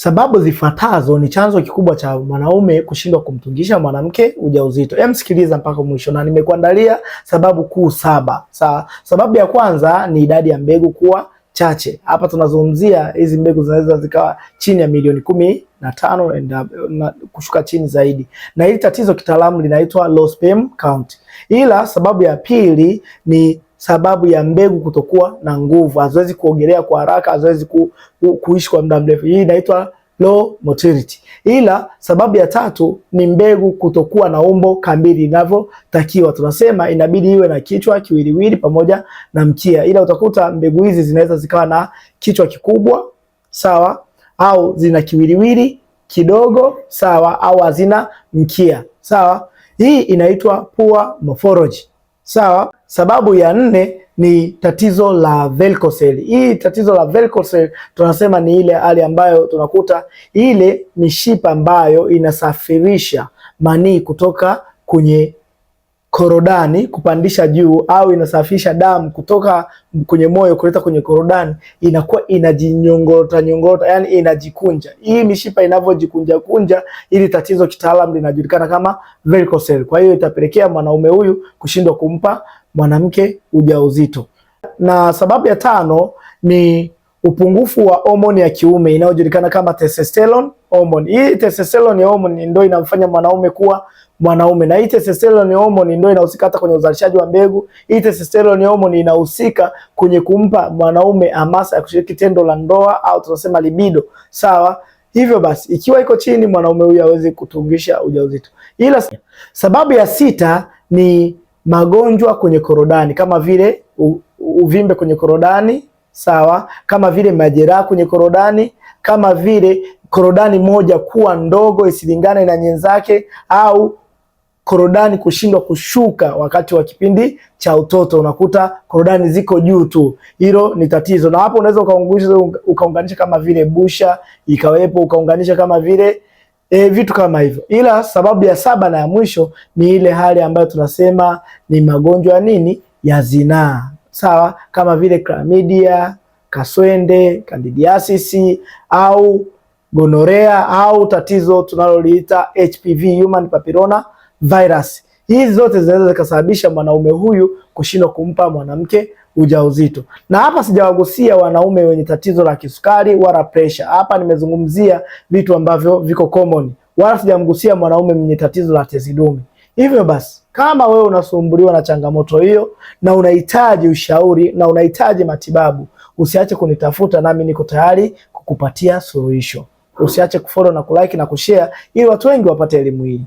Sababu zifuatazo ni chanzo kikubwa cha mwanaume kushindwa kumtungisha mwanamke ujauzito. Hem, sikiliza mpaka mwisho na nimekuandalia sababu kuu saba. Sa, sababu ya kwanza ni idadi ya mbegu kuwa chache. Hapa tunazungumzia hizi mbegu zinaweza zikawa chini ya milioni kumi na tano enda, na kushuka chini zaidi, na hili tatizo kitaalamu linaitwa low sperm count. Ila sababu ya pili ni sababu ya mbegu kutokuwa na nguvu, haziwezi kuogelea kwa haraka, haziwezi ku, ku, kuishi kwa muda mrefu. Hii inaitwa low motility. Ila sababu ya tatu ni mbegu kutokuwa na umbo kamili inavyotakiwa. Tunasema inabidi iwe na kichwa, kiwiliwili pamoja na mkia, ila utakuta mbegu hizi zinaweza zikawa na kichwa kikubwa sawa, au zina kiwiliwili kidogo sawa, au hazina mkia sawa. Hii inaitwa poor morphology sawa. Sababu ya nne ni tatizo la varicocele. Hii tatizo la varicocele tunasema ni ile hali ambayo tunakuta ile mishipa ambayo inasafirisha manii kutoka kwenye korodani kupandisha juu au inasafirisha damu kutoka kwenye moyo kuleta kwenye korodani, inakuwa inajinyongota nyongota, yani inajikunja. Hii mishipa inavyojikunja kunja, ili tatizo kitaalamu linajulikana kama varicocele. Kwa hiyo itapelekea mwanaume huyu kushindwa kumpa mwanamke ujauzito. Na sababu ya tano ni upungufu wa homoni ya kiume inayojulikana kama testosterone hormone. Hii testosterone hormone ndio inamfanya mwanaume kuwa mwanaume, na hii testosterone hormone ndio inahusika hata kwenye uzalishaji wa mbegu. Hii testosterone hormone inahusika kwenye kumpa mwanaume hamasa ya kushiriki tendo la ndoa au tunasema libido, sawa? Hivyo basi ikiwa iko chini, mwanaume huyu hawezi kutungisha ujauzito. Ila sababu ya sita ni magonjwa kwenye korodani kama vile uvimbe kwenye korodani sawa, kama vile majeraha kwenye korodani, kama vile korodani moja kuwa ndogo isilingane na nyenzake, au korodani kushindwa kushuka wakati wa kipindi cha utoto, unakuta korodani ziko juu tu. Hilo ni tatizo, na hapo unaweza ukaunganisha ukaunganisha kama vile busha ikawepo, ukaunganisha kama vile e, vitu kama hivyo. Ila sababu ya saba na ya mwisho ni ile hali ambayo tunasema ni magonjwa nini ya zinaa, sawa, kama vile chlamydia, kaswende, candidiasis au gonorea au tatizo tunaloliita HPV, human papilloma virus. Hizi zote zinaweza zikasababisha mwanaume huyu kushindwa kumpa mwanamke ujauzito. Na hapa sijawagusia wanaume wenye tatizo la kisukari wala presha. Hapa nimezungumzia vitu ambavyo viko common, wala sijamgusia mwanaume mwenye tatizo la tezi dume. Hivyo basi, kama wewe unasumbuliwa na changamoto hiyo na unahitaji ushauri na unahitaji matibabu, usiache kunitafuta, nami niko tayari kukupatia suluhisho. Usiache kufollow na kulike na kushare ili watu wengi wapate elimu hii.